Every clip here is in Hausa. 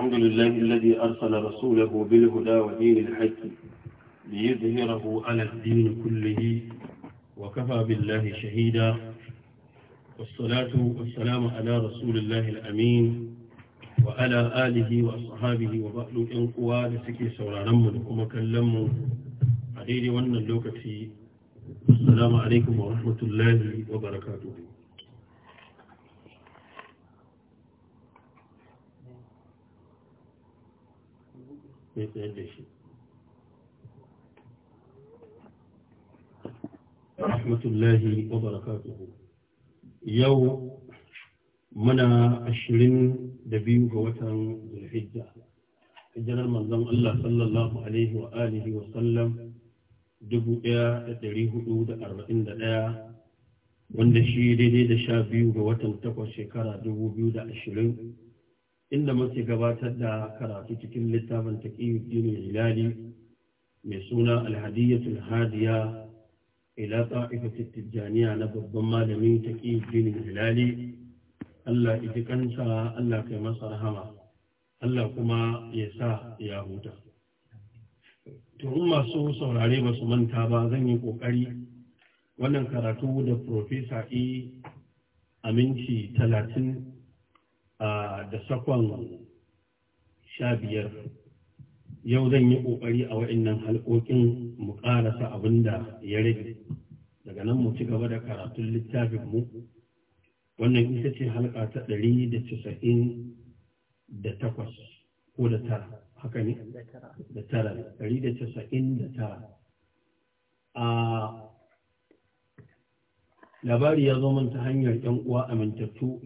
الحمد لله الذي أرسل رسوله بالهدى ودين الحق ليظهره على الدين كله وكفى بالله شهيدا والصلاة والسلام على رسول الله الأمين وعلى آله وأصحابه وبعد إن قوى لسكي سورانم لكم كلم عديد ون اللوكة السلام عليكم ورحمة الله وبركاته sai tsayar da shi rahmatullahi wa barakatuhu yau muna ashirin da biyu ga watan zulhijja hijjarar manzon Allah sallallahu alaihi wa alihi wa sallam dubu ɗaya da ɗari hudu da arba'in da ɗaya wanda shi daidai da sha biyu ga watan takwas shekara dubu biyu da ashirin inda muke gabatar da karatu cikin littafin taqiyuddin hilali mai suna alhadiyatul hadiya ila ta'ifatit tijaniya na babban malami taqiyuddin hilali Allah ya kansa Allah kai masa rahama Allah kuma ya sa ya huta in masu saurare ba su manta ba zan yi ƙoƙari wannan karatu da Profesa E aminci talatin da sakon sha biyar yau zan yi ƙoƙari a wa'annan halƙoƙin mu ƙarasa abin da ya rage daga nan mu ci gaba da karatun littafin mu wannan ita ce halƙa ta ɗari da casa'in da takwas ko da tara haka ne da tara ɗari da casa'in da tara a labari ya zo min ta hanyar ƴan uwa amintattu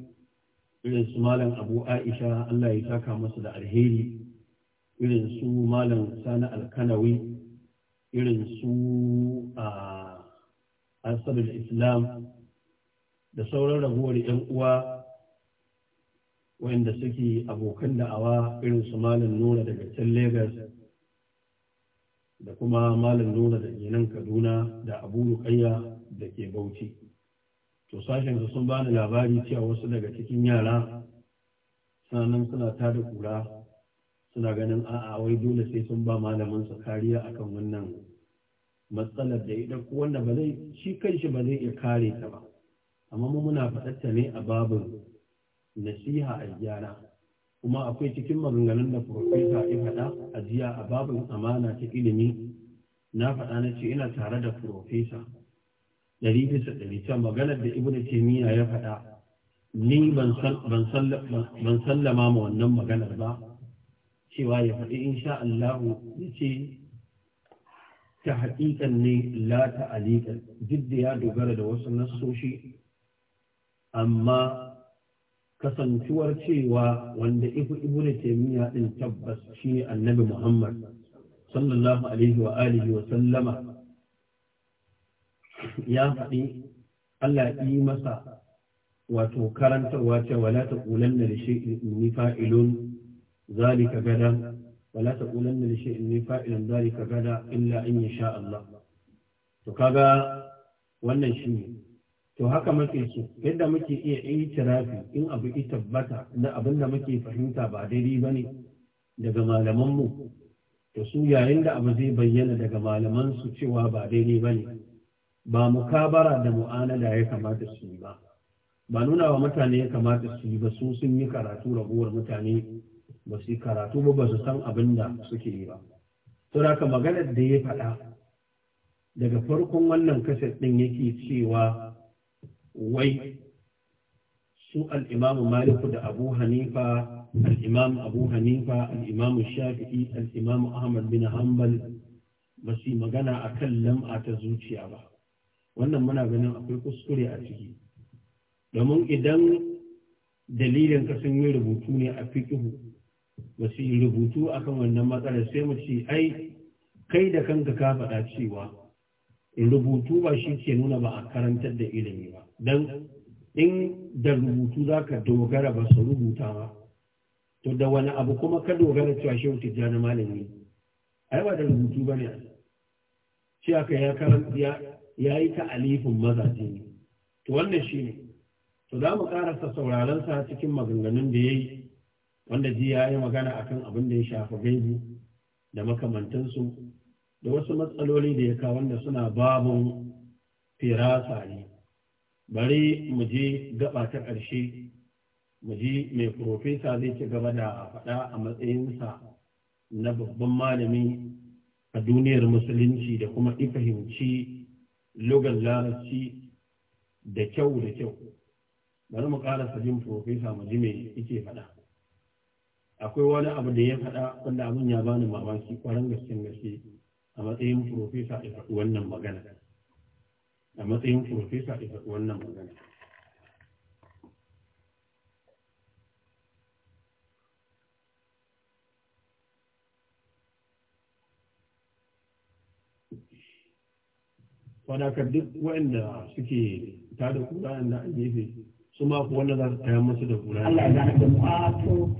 irin su malam abu aisha allah ya saka masa da alheri irin su malam sani alkanawi irin su a asarul islam da sauran raguwar 'yan uwa wanda suke abokan da'awa irin su malam nuna daga can lagos da kuma malam nuna da nan kaduna da abu rukayya da ke bauchi to sashen sun bani labari cewa wasu daga cikin yara sanan suna da kura suna ganin a'a wai dole sai sun ba malamin su kariya akan wannan matsalar da ita ko wanda ba zai shi kanshi ba zai iya kare ta ba amma mu muna faɗatta ne a babin nasiha a gyara kuma akwai cikin maganganun da profesa ya faɗa a jiya a babin amana ta ilimi na faɗa na ce ina tare da profesa ɗari bisa ɗari can maganar da ibnu taimiyya ya faɗa ni ban sallama ma wannan maganar ba cewa ya faɗi insha Allah ya ce ta haƙiƙan ne la ta duk da ya dogara da wasu nassoshi amma kasantuwar cewa wanda ibu ibnu taimiyya din tabbas shi annabi muhammad sallallahu alaihi wa alihi wa sallama ya faɗi Allah yi masa wato karantarwa ce wala ta ƙulan da shi ni fa'ilun zalika gada wala ta da ni fa'ilun zalika gada illa in ya sha Allah to kaga wannan shi ne to haka muke so yadda muke iya itirafi in abu ya tabbata na abin da muke fahimta ba daidai ba ne daga malamanmu to su yayin da abu zai bayyana daga malamansu cewa ba daidai ba ne ba mukabara da mu'anada ya kamata su yi ba ba nuna wa mutane ya kamata su yi ba su sun yi karatu raguwar mutane ba su yi karatu ba ba su san abin da suke yi ba to da ka maganar da ya faɗa daga farkon wannan kaset ɗin yake cewa wai su al'imamu maliku da abu hanifa alimam abu hanifa al'imamu shafi'i al'imamu ahmad bin hanbal ba su yi magana a kan lam'a ta zuciya ba wannan muna ganin akwai kuskure a ciki domin idan dalilin ka sun yi rubutu ne a fikihu ba su yi rubutu akan wannan matsalar sai mu ce ai kai da kanka ka faɗa cewa rubutu ba shi ke nuna ba a karantar da ilimi ba don in da rubutu za ka dogara ba su rubuta ba to da wani abu kuma ka dogara cewa shi wuce na malami ai ba da rubutu ba ne shi aka ya karanta ya yi ta'alifin mazaje ne to wannan shi ne to za mu karasa sauraron sa cikin maganganun da ya yi wanda ji ya yi magana kan abin da ya shafi gaibu da makamantansu da wasu matsaloli da ya kawo wanda suna babu firasa ne bari mu je gaba ta ƙarshe mu ji mai profesa zai ci gaba da faɗa a matsayinsa na babban malami a duniyar musulunci da kuma fahimci lugar larabci da kyau da kyau bari mu ƙara jin profesa mu ji yake faɗa akwai wani abu da ya faɗa wanda abin ya bani mamaki kwaran gaske gaske a matsayin profesa ya faɗi wannan magana a matsayin profesa ya faɗi wannan magana fadakar duk waɗanda suke ta da kura da ake gefe su ma ku wanda za su tayar musu da kura. Allah ya da mu ah, to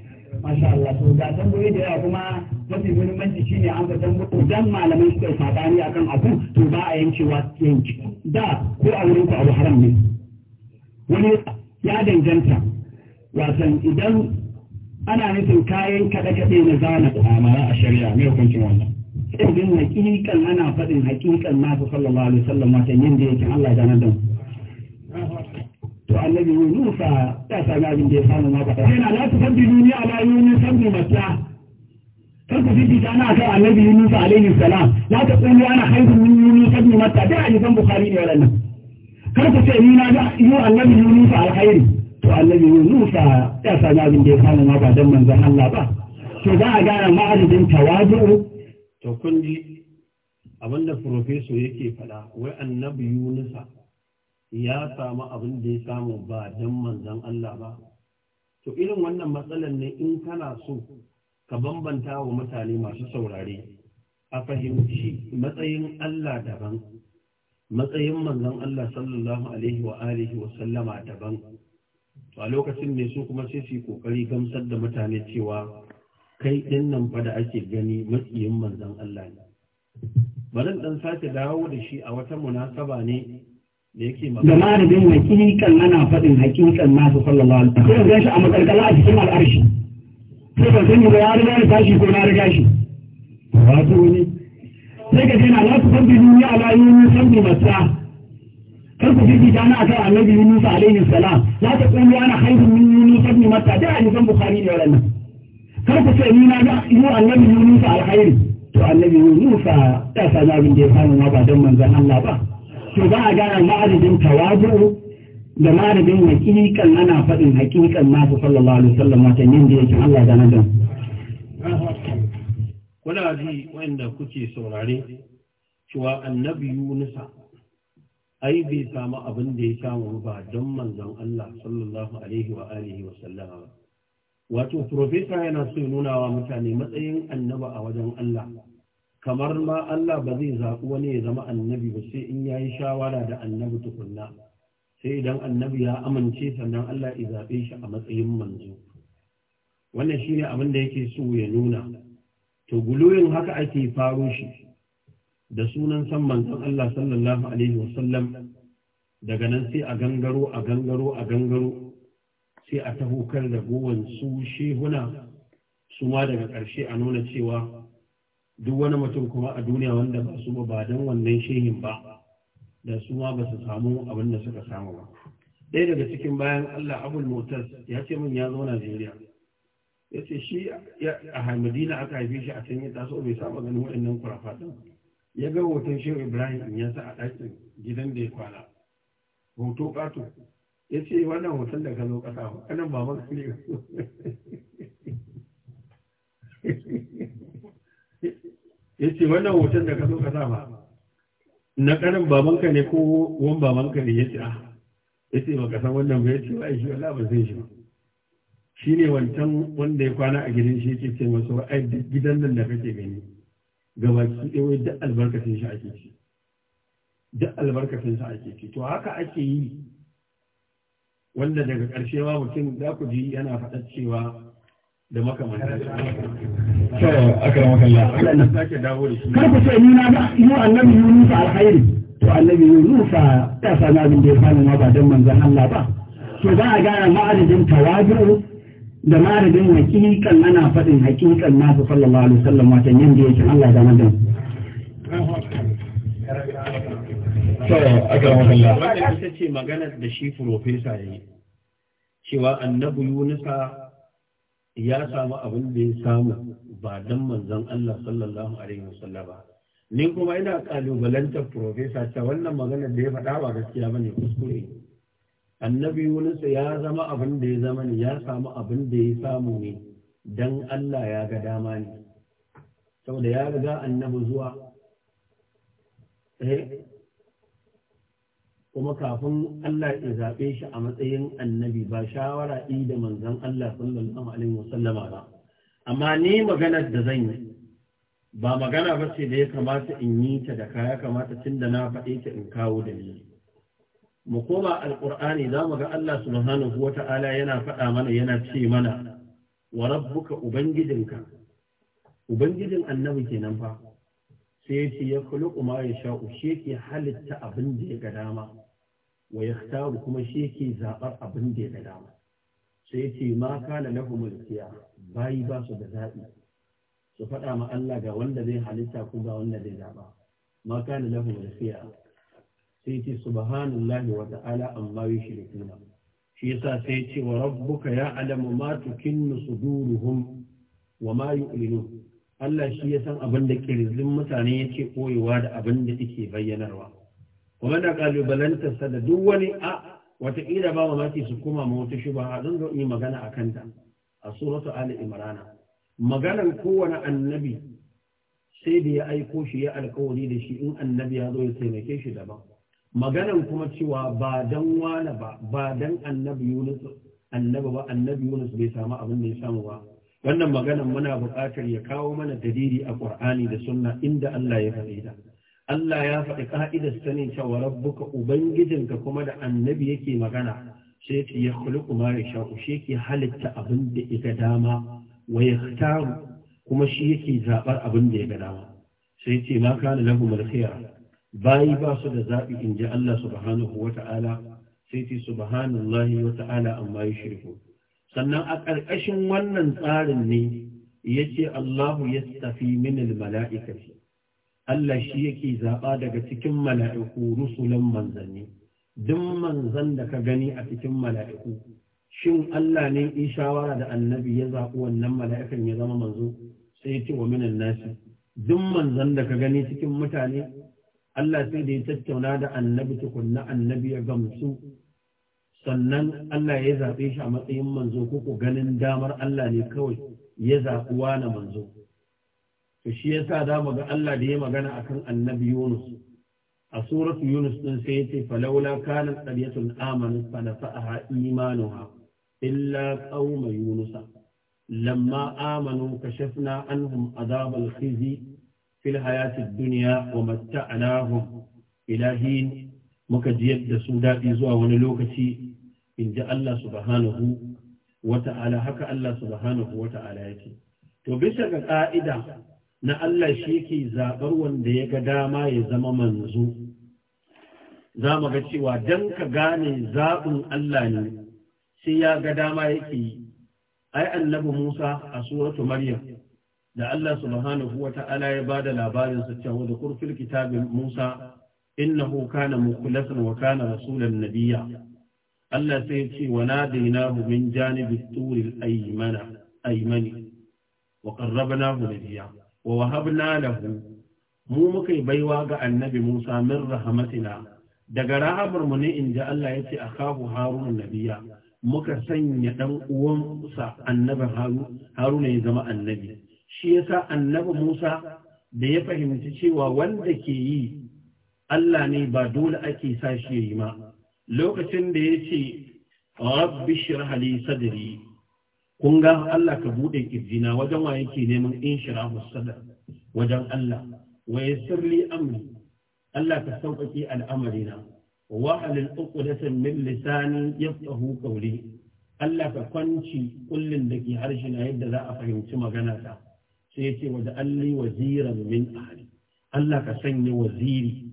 masha Allah to ga tambayi da yawa kuma mafi muhimmanci ne an ga tambayoyi dan malamai suka yi sabani kan abu to ba a yankewa yanki da ko a wurin ku abu haram ne wani ya danganta wasan idan ana nufin kayan kaɗe-kaɗe na zana kwamara a shari'a mai hukuncin wannan sai gani hakikan ana faɗin hakikan nasu sallallahu alaihi wasallam wata yin da yake Allah ya ganar da mu to annabi Musa ya sami abin da ya samu ma ba yana la tu sabbi duniya ala yuni sabbi matta kar ku fiti da ana kai annabi Yunus alaihi salam la ta qulu ana khayrun min Yunus sabbi matta da hadisan Bukhari ne wannan kar ku ce ni na ga yu annabi Yunus alkhairi to annabi Musa ya sami abin da ya samu ma ba dan manzon Allah ba to za a gane ma'azin tawazu to kun ji abinda profeso yake faɗa wai annabi yunusa ya samu abin da ya samu ba don manzan Allah ba to irin wannan matsalar ne in kana so ka bambanta wa mutane masu saurare a fahimci matsayin Allah daban matsayin manzan Allah sallallahu alaihi wa alihi wa sallama daban to a lokacin ne su kuma sai su kokari gamsar da mutane cewa kai ɗin nan ba da ake gani matsiyin manzan Allah ne bari ɗan sake dawo da shi a wata munasaba ne da yake magana da malamin hakikan ana faɗin hakikan nasu sallallahu alaihi wasallam sai shi a makarkala a cikin al'arshi sai ban sani ba ya riga ni tashi ko na riga shi wato ne sai ka bi duniya a bayan ala san bi masa kar ku fi ta na akan annabi Yunus alaihi salam za ta qulu ana khairun min Yunus sabbi masa da zan bukhari ne wannan kar ku ce ni na ga mu annabi Musa alkhairi to annabi Musa ta sa abin da ya samu ma ba don manzon Allah ba to ba a gana ma'adadin tawadu da ma'adadin hakikan ana faɗin hakikan nasu sallallahu alaihi wasallam ta yin da yake Allah da nan kuna ji wanda kuke saurare cewa annabi Yunusa ai bai samu abin da ya samu ba don manzon Allah sallallahu alaihi wa alihi wa sallama wato profesa yana so nuna wa mutane matsayin annaba a wajen Allah kamar ma Allah ba zai zaɓi wani ya zama annabi ba sai in yayi shawara da annabi tukunna sai idan annabi ya amince sannan Allah ya zaɓe shi a matsayin manzo wannan shine abin da yake so ya nuna to guluyin haka ake faro shi da sunan san manzon Allah sallallahu alaihi wasallam daga nan sai a gangaro a gangaro a gangaro sai a taho kan ragowar su shehuna su ma daga ƙarshe a nuna cewa duk wani mutum kuma a duniya wanda ba su ba don wannan shehin ba da su ma ba su samu abin da suka samu ba ɗaya daga cikin bayan allah abul motas ya ce min ya zo najeriya ya ce shi a hamadina aka haife shi a can ya taso bai saba ganin waɗannan kurafa ya ga hoton shehu ibrahim in ya sa a ɗakin gidan da ya kwana hoto ƙato ya ce wannan hoton da ka zo ƙasa wannan ba maka ne ya ce wannan hoton da ka zo ƙasa ba na ƙarin babanka ne ko wan babanka ne ya ce a ah. ya ce ba san wannan ba ya ce ba shi wala ba zai shi ba. shi ne wancan wanda ya kwana a gidan shi ke ce masu ra'ayi gidan nan da kake gani gabaki ɗaya duk albarkacin shi ake ci duk albarkacin shi ake ci to haka ake yi wanda daga ƙarshe ma mutum za ku ji yana faɗa cewa da Allah na sake dawo da shi kar ku ce ni na ba mu annabi Yunus alkhairi to annabi Yunus ya sami da ya ma ba dan manzon Allah ba to za a gaya ma'adadin tawazu da ma'adadin hakikan ana faɗin hakikan nasu sallallahu alaihi wasallam wata yanda yake Allah ya zama Wannan ita ce maganar da shi Profesa ya cewa annabi Yunusa ya samu abin da ya samu ba don manzon Allah sallallahu Alaihi ba. Ni kuma ina kalubalantar Profesa ta wannan maganar da ya faɗa ba gaskiya ba ne kuskure. Annabi Yunusa ya zama abin da ya zama ne, ya samu abin da ya samu ne don Allah ya ga dama ne. Saboda ya riga annabi zuwa. Eh, kuma kafin Allah ya zaɓe shi a matsayin annabi ba shawara ɗi da manzan Allah sallallahu alaihi wasallama ba amma ni maganar da zan yi ba magana ba ce da ya kamata in yi ta da kaya kamata tun da na faɗe ta in kawo dalili mu koma alƙur'ani za mu ga Allah subhanahu wa ta'ala yana faɗa mana yana ce mana wa rabbuka ubangijinka ubangijin annabi kenan fa sai ya ce ya kula kuma ya sha'u shi yake halitta abin da ya ga dama wa ya kuma shi yake zaɓar abin da ya ga dama sai ya ce ma kana lahu mulkiya bayi ba su da zaɓi su faɗa ma Allah ga wanda zai halitta ko ga wanda zai zaɓa ma kana lahu mulkiya sai ce subhanallahi wa ta'ala amma yushrikuna shi yasa sai ce wa rabbuka ya alamu ma tukinnu suduruhum wa ma yu'linun Allah shi ya san abin da kirzin mutane yake koyewa da abin da yake bayyanarwa kuma da kalubalantarsa da duk wani a wataƙila ba mamaki su koma ma wata shuba a zan zo yi magana a kanta a suratu ali imrana maganan kowane annabi sai da ya aiko shi ya alkawari da shi in annabi ya zo ya taimake shi daban maganan kuma cewa ba dan wani ba ba dan annabi yunus annabi ba annabi yunus bai samu abin da ya samu ba wannan maganan muna buƙatar ya kawo mana dalili a Qur'ani da Sunna inda Allah ya faɗi ta Allah ya faɗi ƙa'idar sani cewa rabbuka ubangijinka kuma da annabi yake magana sai ce ya khuluqu ma yasha'u shi yake halitta abin da ya ga dama wa taru kuma shi yake zabar abin da ya ga dama sai ce ma kana lahu mal bayi ba su da zabi in ji Allah subhanahu ta'ala, sai ce subhanallahi ta'ala, amma yushriku sannan a ƙarƙashin wannan tsarin ne ya ce Allahu ya tafi minil mala'ikati Allah shi yake zaɓa daga cikin mala'iku rusulan manzanni duk manzan da ka gani a cikin mala'iku shin Allah ne in shawara da annabi ya zaɓi wannan mala'ikan ya zama manzo sai ya ce wa minan nasi duk manzan da ka gani cikin mutane Allah sai da ya tattauna da annabi tukunna annabi ya gamsu sannan Allah ya zaɓe shi a matsayin manzo ko ganin damar Allah ne kawai ya zaɓi wani manzo to shi yasa za mu ga Allah da ya magana a kan annabi Yunus a suratu Yunus ɗin sai yace falawla kanat amanu amanat fa nafa'aha imanuha illa qauma Yunusa. lamma amanu kashafna anhum adab al-khizi fil hayati wa matta'nahum ila hin muka ji da su daɗi zuwa wani lokaci in ji Allah subhanahu wa ta'ala haka Allah subhanahu wa yake to bisa ga ka'ida na Allah shi yake zabar wanda ya ga dama ya zama manzo za mu ga cewa don ka gane zaɓin Allah ne sai ya ga dama yake yi ai annabi Musa a suratu Maryam da Allah subhanahu wa ya ya da labarin sa cewa da kurfil kitabin Musa innahu kana mukhlasan wa kana rasulan nabiyya Allah sai ya ce wana daina min janibi turil aymana aymani wa qarrabnahu biya? wa wahabna lahu mu muka yi baiwa ga annabi Musa min rahmatina daga rahamarmu mu in inji Allah ya ce akahu harun nabiya muka sanya ɗan uwansa annabi haruna ya zama annabi shi yasa annabi Musa da ya fahimci cewa wanda ke yi Allah ne ba dole ake sa shi yi ma lokacin da ya ce rabbi shirhali sadri kun ga Allah ka buɗe kirjina wajen wa yake neman in shirahu sadar wajen Allah wa yassirli amri Allah ka sauƙaƙe al'amarina wa uku uqdatan min lisani yafqahu qawli Allah ka kwanci kullin da ke na yadda za a fahimci magana ta sai yace wa da alli waziran min ahli Allah ka sanya waziri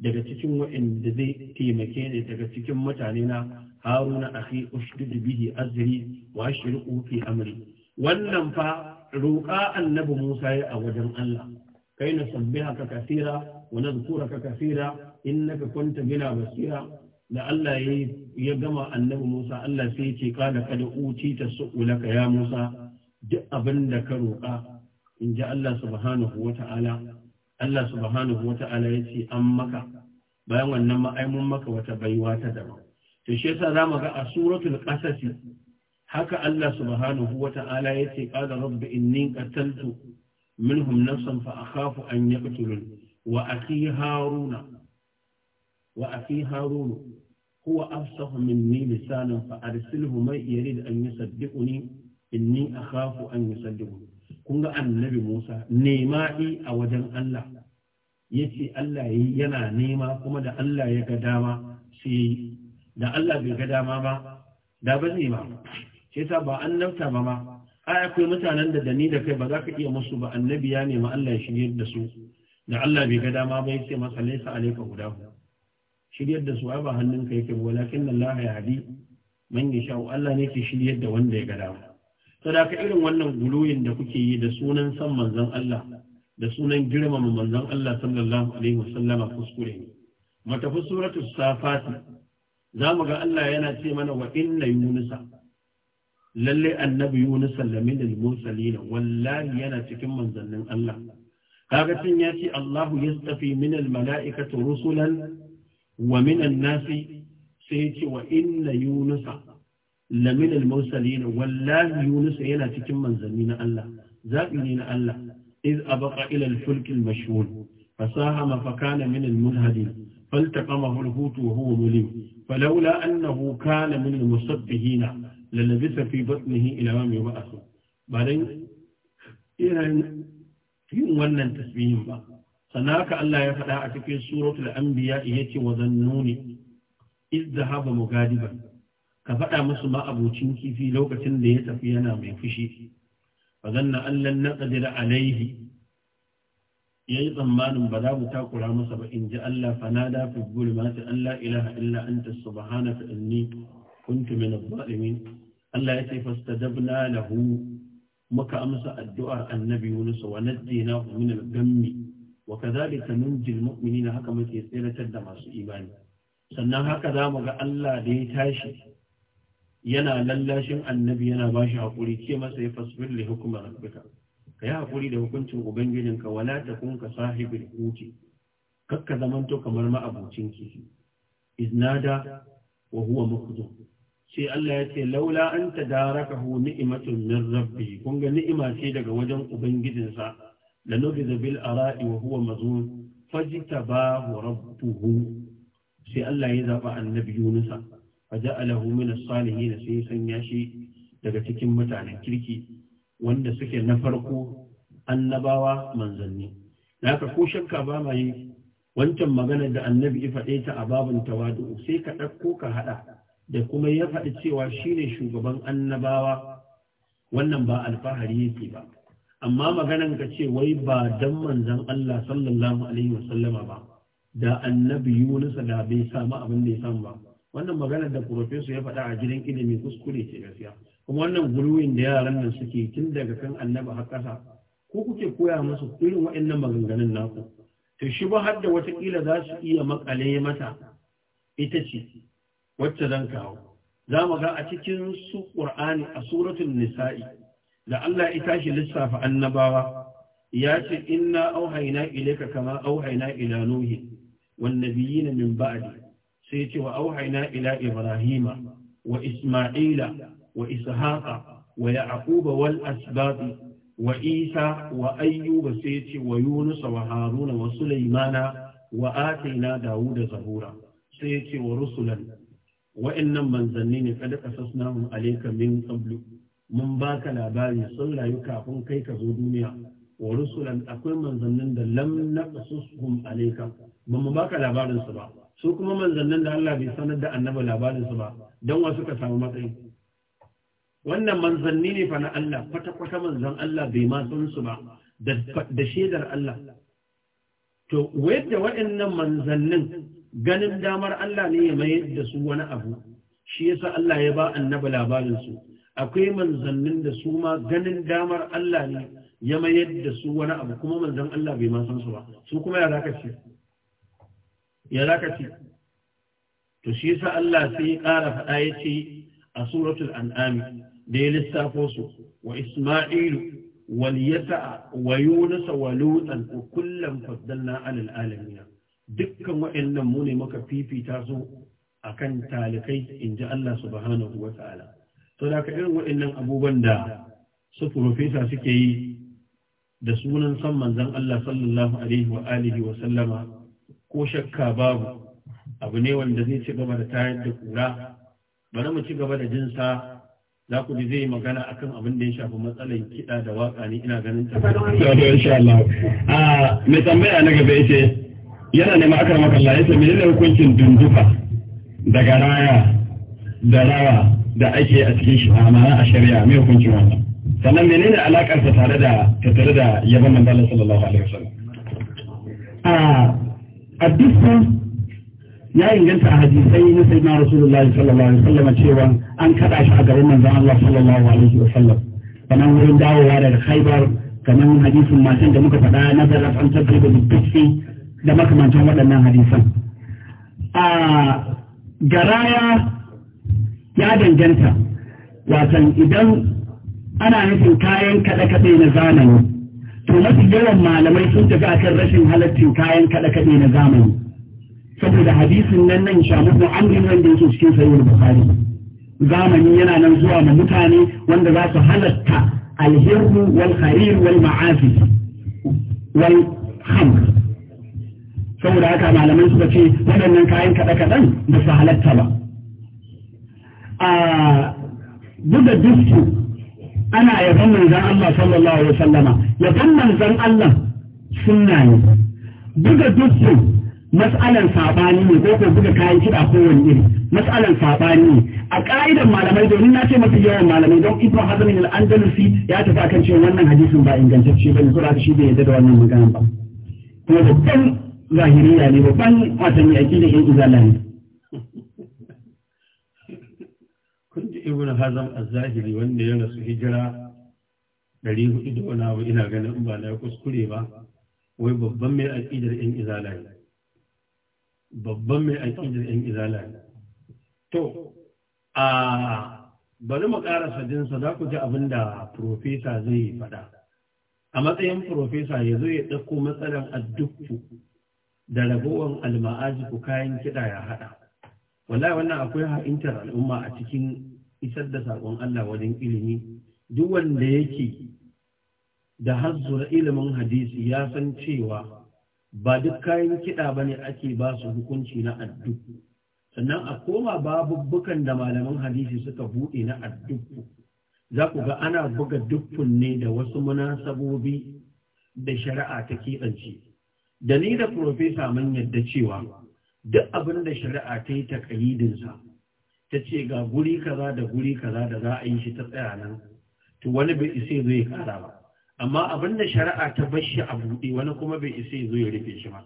daga cikin waɗanda zai taimake ni daga cikin mutane na haruna akhi ushdud bihi azri wa ashriku fi amri wannan fa roƙa annabi Musa ya a wajen Allah kai na haka kasira wa ka kasira innaka kwanta bina basira da Allah ya gama annabi Musa Allah sai ya ce kana kada uci ta su'ulaka ya Musa duk abin da ka roƙa in ji Allah subhanahu wa ta'ala Allah subhanahu wa ta'ala ya ce an maka bayan wannan ma'aimun maka wata baiwa ta daban ta shi yasa zamu ga a suratul qasas haka Allah subhanahu wa ta'ala ya ce qala rabbi inni qataltu minhum nafsan fa kafu an yaqtulun wa akhi haruna wa akhi harun huwa afsahu minni lisanan fa arsilhu may rid an ni a kafu an yusaddiquni kun ga annabi Musa nema a wajen Allah ya ce Allah yana nema kuma da Allah ya ga dama sai da Allah bai ga dama ba da ba zai ma sai sa ba annabta ba ma ai akwai mutanen da dani da kai ba za ka iya musu ba annabi ya nema Allah ya shiryar da su da Allah bai ga dama ba ya ce masa laisa alayka guda shiryar da su ai ba hannunka yake walakin Allah ya hadi man yasha Allah ne ke shiryar da wanda ya ga dama sadaka irin wannan guluyin da kuke yi da sunan san manzon Allah da sunan girmama manzon Allah sallallahu alaihi wasallama kuskure ne matafi suratu safati za mu ga Allah yana ce mana wa inna yunusa lalle annabi yunus lamin al mursalin wallahi yana cikin manzannin Allah kaga tun ya ce Allah yastafi min al mala'ikati rusulan wa min an nasi sai ya ce wa inna yunusa lamin al-mursalin wallahi yunus yana cikin manzanni na Allah zabi ne na Allah iz abaka ila fulkin fulk Fasaha mafaka fasahama fa kana min al-munhadin فالتقمه الهوت وهو مليم فلولا أنه كان من المصبهين للبث في بطنه إلى يوم يبعث بعدين yin wannan tasbihin ba sana haka Allah ya faɗa a cikin suratul anbiya yace wa zannuni iz dhahaba ba. ka faɗa musu ma abocin kifi lokacin da ya tafi yana mai fushi fa zanna allan na qadira alaihi yayi tsammanin ba za mu takura masa ba in ji Allah fanada fi gulmati Allah ilaha illa anta subhanaka inni kuntu min adh-dhalimin Allah ya ce fastajabna lahu muka amsa addu'ar annabi Yunus wa najjinahu min al-gammi wa kadhalika nunji al-mu'minina haka muke tsiratar da masu imani sannan haka zamu ga Allah da ya tashi yana lallashin annabi yana ba shi haƙuri ce masa ya fasbir li hukumar rabbika ka yi haƙuri da hukuncin ubangijinka wala ta kun ka sahibin huci kakka zamanto kamar ma'abucin kifi iznada wa huwa mukhdum sai Allah ya ce laula an tadarakahu ni'matun min rabbi kun ga ni'ima ce daga wajen ubangijinsa لنبذ بالأراء وهو مزون فاجتباه ربه Sai Allah ya عن Annabi يونس faja'alahu min as-salihin sai sanya shi daga cikin mutanen kirki wanda suke na farko annabawa manzanni naka ko shakka ba mai wancan magana da annabi ya faɗe ta a babun tawadu sai ka ɗauko ka haɗa da kuma ya faɗi cewa shine shugaban annabawa wannan ba alfahari yake ba amma maganan ka ce wai ba dan manzan Allah sallallahu alaihi wasallama ba da annabi Yunus da bai samu abin da ya samu ba wannan maganar da profesor ya faɗa a gidan ilimi kuskure ce gaskiya kuma wannan gulwin da yaran nan suke tun daga kan annaba har ƙasa ko kuke koya musu irin waɗannan maganganun naku to shi ba har da watakila za su iya makale mata ita ce wacce zan kawo za mu ga a cikin su ƙur'ani a suratul nisa'i da Allah ya tashi lissafa annabawa ya ce inna auhayna ilayka kama auhayna ila nuhi wan nabiyina min ba'di sai ce wa auhaina ila ibrahima wa isma'ila wa ishaqa wa yaquba wal asbati wa isa wa ayyuba sai ce wa yunus wa haruna wa sulaimana wa atina dawuda zabura sai ce wa rusulan wa'annan manzanni ne kada kasasnahum alayka min qablu mun baka labari sun rayu kafin kai ka zo duniya wa rusulan akwai manzannin da lam naqasushum alayka ba baka labarin su ba su kuma manzannin da Allah bai sanar da annaba labarinsu ba don wasu ka samu matsayi wannan manzanni ne fa na Allah kwata-kwata manzan Allah bai ma su ba da shaidar Allah to wadda waɗannan manzannin ganin damar Allah ne ya mayar da su wani abu shi yasa Allah ya ba annaba labarinsu akwai manzannin da su ma ganin damar Allah ne ya mayar da su wani abu kuma manzan Allah bai ma san su ba su kuma ya zaka ce ya zaka ce to shi sa Allah sai ya ƙara faɗa ya ce a suratul an'ami da ya lissafo su wa isma'ilu wal yata'a wa yunus wa lutan wa kullam faddalna alal alamin dukkan waɗannan mu ne muka fifita su akan talikai inji Allah subhanahu wa ta'ala to da ka irin waɗannan abubuwan da su profesa suke yi da sunan san manzon Allah sallallahu alaihi wa alihi wa sallama ko shakka babu abu ne wanda zai ci gaba da tayar da kura bari mu ci gaba da jinsa za ku ji zai magana akan abin da ya shafi matsalar kiɗa da waƙa ne ina ganin ta gaba insha Allah ah mai tambaya na gaba yace yana nema maka Allah yace menene hukuncin dunduka da garaya da rawa da ake a cikin shi a ma'ana a shari'a mai hukuncin wannan sannan menene alakar ta tare da tattare da yaban manzo sallallahu alaihi wasallam ah, الدفة ya inganta a na رسول الله rasulullah sallallahu alaihi wasallam cewa an kada shi a garin manzon Allah sallallahu alaihi wasallam kamar wurin dawowa daga Khaibar kamar hadisin matan da muka faɗa na zarra an tabbata da dukki da makamantan waɗannan hadisan a garaya ya danganta watan idan ana nufin kayan kaɗe-kaɗe na zamani to mafi yawan malamai sun tafi akan rashin halaccin kayan kaɗe-kaɗe na zamani saboda hadisin nan nan shamu ko amrin wanda yake cikin sahihul bukhari zamani yana nan zuwa ma mutane wanda za su halatta alheru, wal harir wal ma'afi wal khamr saboda haka malamai suka ce waɗannan kayan kaɗe-kaɗen ba su halatta ba a ah, buga disco ana yabon manzan Allah sallallahu alaihi wasallama yaban manzan Allah suna ne buga dukkan mas'alan sabani ne ko kuma buga kayan kiɗa wani iri matsalan sabani ne a ƙa'idan malamai domin na ce mafi yawan malamai don ibn hazmin al-andalusi ya tafi akan cewa wannan hadisin ba ingantacce ne, ko da shi bai yadda da wannan magana ba kuma babban zahiriya ne babban watanni a yan izala ne ibn hazam az-zahiri wanda ya rasu hijira 400 da wani abu ina ganin in ba na kuskure ba wai babban mai aƙidar yan izala ne babban mai aƙidar yan izala ne to a bari mu din sa za ku ji abin da profesa zai faɗa a matsayin profesa ya zo ya dauko matsalar addukku da rabuwan alma'aji ku kayan kiɗa ya haɗa wallahi wannan akwai ha'intar al'umma a cikin isar da saƙon Allah wajen ilimi duk wanda yake da hazzura ilimin hadisi ya san cewa ba duk kayan kiɗa ba ne ake ba su hukunci na addu sannan a koma babubbukan da malaman hadisi suka buɗe na addu'u za ku ga ana buga dukkan ne da wasu munasabobi da shari'a ta keɓance da ni da profesa mun yadda cewa duk abin da shari'a ta yi taƙayidinsa ta ce ga guri kaza da guri kaza da za a yi shi ta tsaya nan to wani bai isa zo ya kara ba amma abin da shari'a ta bar shi a buɗe wani kuma bai isa zo ya rufe shi ba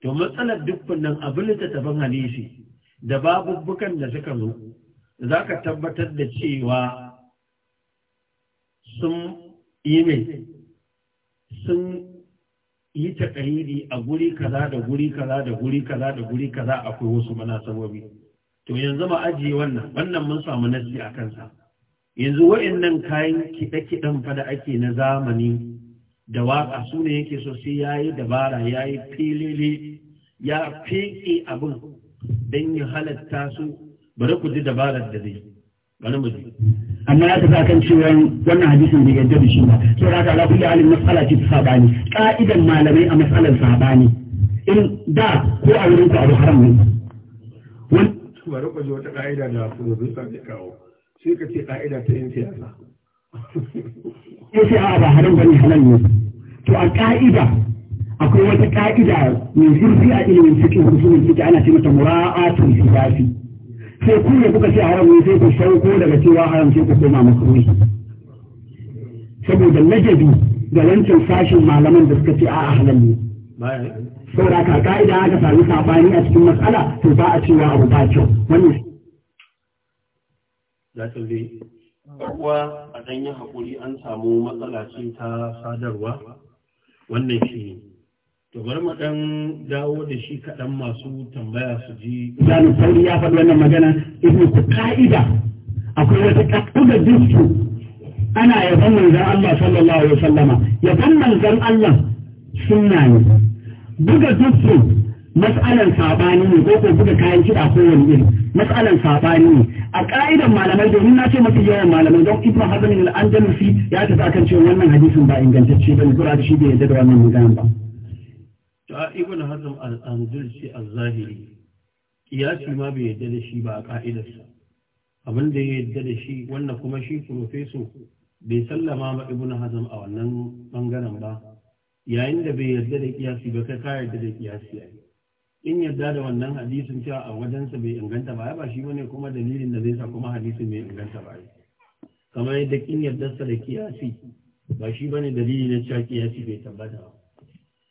to matsalar dukkanin abin da ta ban hadisi da babubbukan da suka zo za ka tabbatar da cewa sun yi mai sun yi a guri kaza da guri kaza da guri kaza da guri kaza akwai wasu manasabobi. to yanzu ma ajiye wannan wannan mun samu nasi a kansa yanzu wa'annan kayan kiɗe-kiɗen fa da ake na zamani da waƙa su ne yake so sai ya yi dabara ya yi filili ya fiƙe abin don ya halatta su bari ku ji dabarar da zai bari mu ji amma ya tafi akan cewa wannan hadisin bai yadda da shi ba to da ta kulli alim matsala ce ta saɓani, ƙa'idan malamai a mas'alar saɓani in da ko a wurin ku abu haram ne bari ku ji wata ƙa'ida da sa zai kawo Su ka ce ƙa'ida ta yin siyasa yace a ba haram bane halal ne to a ƙa'ida akwai wata ƙa'ida mai zurfi a ilimin cikin usulun cikin ana ce mata mura'atun hidafi sai ku ne kuka ce haram ne sai ku sauko daga cewa haram sai ku koma makruhi saboda lajadi da wancan sashin malaman da suka ce a halal ne saboda ka ka'ida aka sami sabani a cikin matsala to ba a cewa abu ba kyau su ya tsalle uwa a dan yi hakuri an samu matsala ce ta sadarwa wannan shi ne to bari mu dan dawo da shi kaɗan masu tambaya su ji zanu sauri ya faɗi wannan magana ibnu ka'ida akwai wata kakuga dinsu ana yaban manzon Allah sallallahu alaihi wasallama yaban manzon Allah sunna ne buga dukkan matsalan sabani ne ko ko buga kayan kiɗa ko wani iri matsalan sabani ne a ka'idan malamai domin na ce mafi yawan malamai don Ibn hazmin al-andalusi ya tafi akan cewa wannan hadisin ba ingantacce bane kura da shi bai yarda da wannan magana ba ta Ibn hazm al-andalusi al zahiri kiyasi ma bai yarda da shi ba a ƙa'idarsa. abin da ya yarda da shi wannan kuma shi profeso bai sallama ma Ibn hazm a wannan bangaren ba yayin da bai yarda da kiyasi ba kai ka yarda da kiyasi ai in yarda da wannan hadisin cewa a wajensa bai inganta ba ba shi bane kuma dalilin da zai sa kuma hadisin bai inganta ba kamar yadda kin sa da kiyasi ba shi bane dalili na cewa kiyasi bai tabbata ba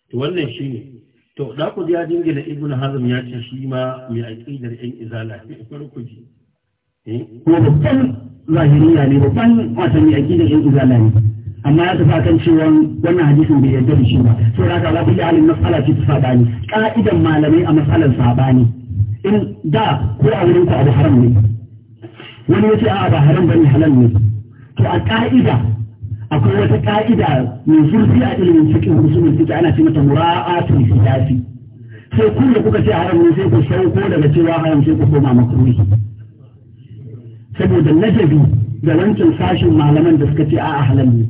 to wannan shi ne, to da ku ya dingina ibnu hazm ya ce shi ma mai aqidar in izala ne farko ji eh ko babban zahiriya ne babban wasan mai aqidar in izala ne amma ya tafi kan cewa wannan hadisin bai yarda da shi ba sai da haka za ku halin matsala ce ta ne. ka'idan malamai a matsalar ne. in da ko a wurin ku abu haram ne wani ya ce a ba haram bane halal ne to a ka'ida akwai wata ka'ida mai zurfi a ilimin cikin usulul fiqh ana ce mata mura'atul fiqh sai ku da kuka ce haram ne sai ku sauko daga cewa haram sai ku koma makruhi saboda najabi da wancan sashin malaman da suka ce a'a halal ne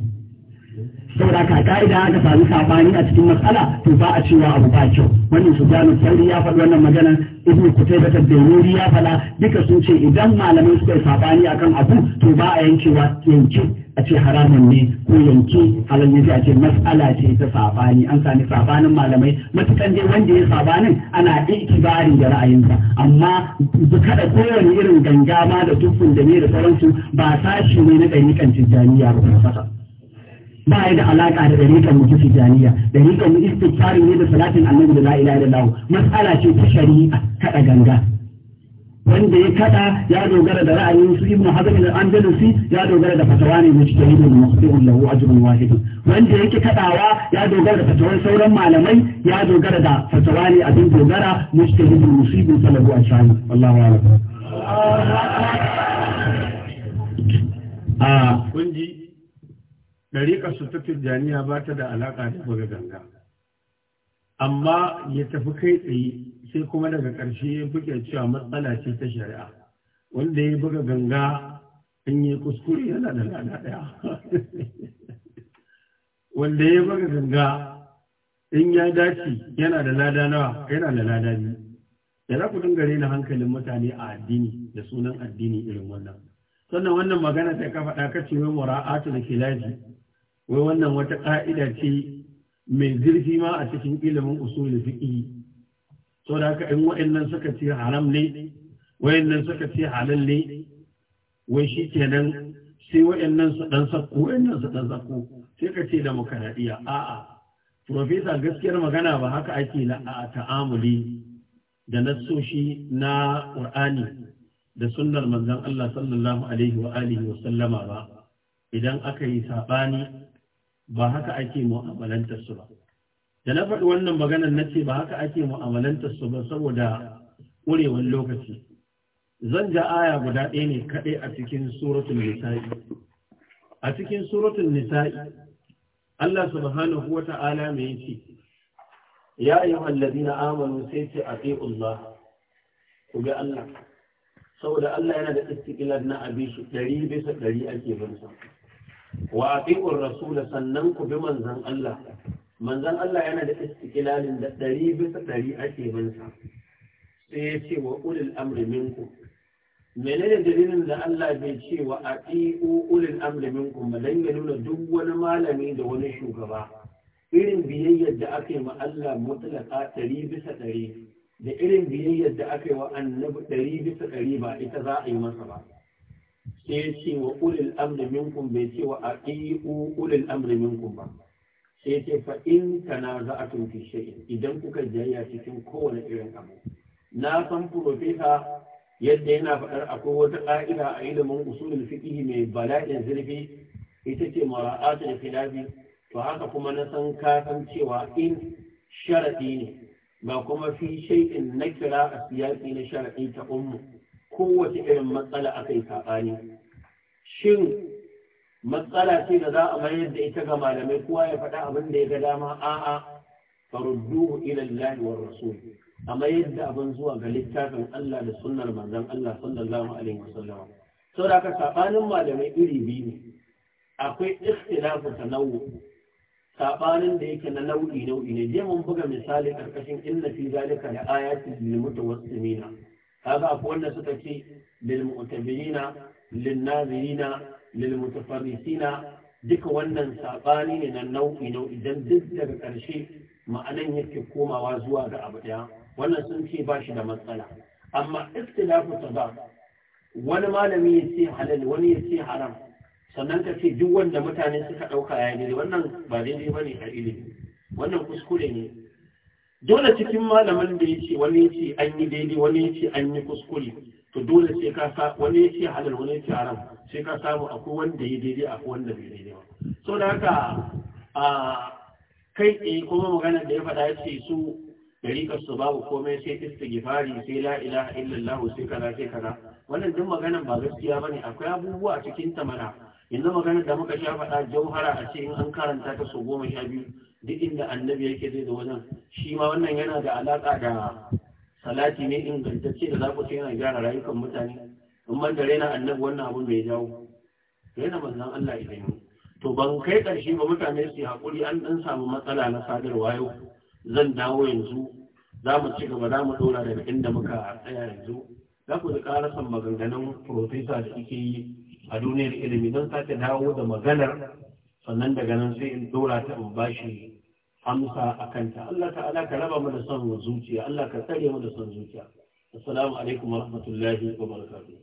saboda ka ka'ida aka sami sabani a cikin matsala to ba a cewa abu ba kyau wannan su gano sauri ya faɗi wannan magana, ibnu kutaiba ta bayyuri ya faɗa duka sun ce idan malamai suka yi sabani akan abu to ba a yankewa yanke a ce haramun ne ko yanke halal ne a ce mas'ala ce ta sabani an sami sabanin malamai matukan dai wanda ya sabanin ana ikibarin da ra'ayinsa amma kada kowane irin gangama da tufin da ne da sauransu ba sashi ne na ɗariƙan tijjaniya ba fasa. ba ya da alaka da dariƙar mu tijaniya dariƙar mu istighfari ne da salatin annabi da la ilaha illallah matsala ce ta shari'a kada ganga wanda ya kada ya dogara da ra'ayin su ibnu hazm al-andalusi ya dogara da fatawa ne mujtahid da muqtadin lahu ajrun wahid wanda yake kadawa ya dogara da fatawar sauran malamai ya dogara da fatawa ne abin dogara mujtahid musibin salahu ashani wallahu a'lam a kunji ɗariƙar su ta tijjaniya ba ta da alaƙa da buga ganga amma ya tafi kai tsaye sai kuma daga ƙarshe ya buga cewa matsala ce ta shari'a wanda ya buga ganga in yi kuskure yana da lada ɗaya wanda ya buga ganga in ya dace yana da lada nawa yana da lada biyu da za ku dinga rena hankalin mutane a addini da sunan addini irin wannan sannan wannan magana ta kafa faɗa ka ce mura'atu da kilaji wai wannan wata ƙa'ida ce mai zirfi ma a cikin ilimin usulul fiqh So da haka in wa'annan suka ce haram ne wa'annan suka ce halal ne wai shi shikenan sai wa'annan su dan sako wa'annan su dan sako sai ka ce da mukaradiya a'a profesa gaskiyar magana ba haka ake la a ta'amuli da nassoshi na qur'ani da sunnar manzon Allah sallallahu alaihi wa alihi wa sallama ba idan aka yi sabani ba haka ake mu'amalantar su ba da na faɗi wannan maganar na ce ba haka ake mu'amalantar su ba saboda ƙurewar lokaci zan ja aya guda ɗaya ne kaɗai a cikin suratul nisa'i a cikin suratul nisa'i Allah subhanahu wa ta'ala me yake ya ayyuhal ladina amanu sai ce atiullah ku ga Allah saboda Allah yana da istiqlal na abishi ɗari bisa ɗari ake bin sa wa atiqur rasul sannan ku bi manzon Allah manzon Allah yana da istiqlalin da dari bisa dari ake mansa sai ya ce wa ulil amri minkum menene dalilin da Allah bai ce wa atiqu ulil amri minkum dan ya nuna duk wani malami da wani shugaba irin biyayyar da aka yi wa Allah mutlaka ɗari bisa ɗari da irin biyayyar da aka yi wa annabi ɗari bisa ɗari ba ita za a yi masa ba sai ce wa ulil amri minkum bai ce wa aqiu ulil amri minkum ba sai ce fa in tanaza'atum fi sha'i, idan kuka jayya cikin kowane irin abu na san profesa yadda yana faɗar akwai wata ƙa'ida a ilimin usulul fiqh mai bala'in zurfi ita ce mara'atul khilafi to haka kuma na san ka san cewa in sharadi ne ba kuma fi shay'in nakira a siyasi na sharadi ta ummu kowace irin matsala aka yi saɓani shin matsala ce da za a mayar da ita ga malamai kowa ya faɗa abin da ya ga dama a'a rudduhu, ila Allah wa rasul a mayar da abin zuwa ga littafin Allah da sunnar manzon Allah sallallahu alaihi wasallam saboda haka malamai iri biyu ne akwai ikhtilafu tanawwu sabanin da yake na nau'i nau'i ne je mun buga misali karkashin inna fi zalika la ayatin lil mutawassimina kaga akwai wanda suka ce lil mu'tabirina lil duka wannan sabani ne na nau'i nau'i dan duk daga ƙarshe ma'anan yake komawa zuwa ga abu ɗaya wannan sun ce ba shi da matsala amma ikhtilafu ba wani malami ya ce halal wani ya ce haram sannan ka ce duk wanda mutane suka ɗauka ya daidai wannan ba daidai ba ne a ilimi wannan kuskure ne dole cikin malamin da ya ce wani ya ce an yi daidai wani ya ce an yi kuskure to dole sai ka sa wani ya ce halal wani ya ce haram sai ka samu akwai wanda ya daidai akwai wanda bai daidai ba so da haka a kai tsaye kuma maganar da ya faɗa ya ce su dariƙar su babu komai sai gifari sai la ilaha illallah sai kaza sai kaza wannan duk maganan ba gaskiya bane akwai abubuwa a cikin ta mana yanzu maganar da muka sha faɗa jauhara a ce in an karanta ta sau goma sha biyu duk inda annabi yake zai da wajen shi ma wannan yana da alaƙa da salati ne ingantacce da za ku ce yana gyara rayukan mutane in ban da raina annabi wannan abun bai jawo raina manzon Allah yi to ban kai ƙarshe ba mutane su haƙuri an dan samu matsala na sadarwa yau zan dawo yanzu za mu ci gaba za mu ɗora daga inda muka tsaya yanzu za ku ka ƙarasan maganganun profesa da kike yi a duniyar ilimi don sake dawo da maganar sannan daga nan sai in dora ta in bashi amsa a kanta Allah ta'ala ka raba mu da son zuciya Allah ka tsare mu da son zuciya assalamu alaikum wa rahmatullahi wa barakatuh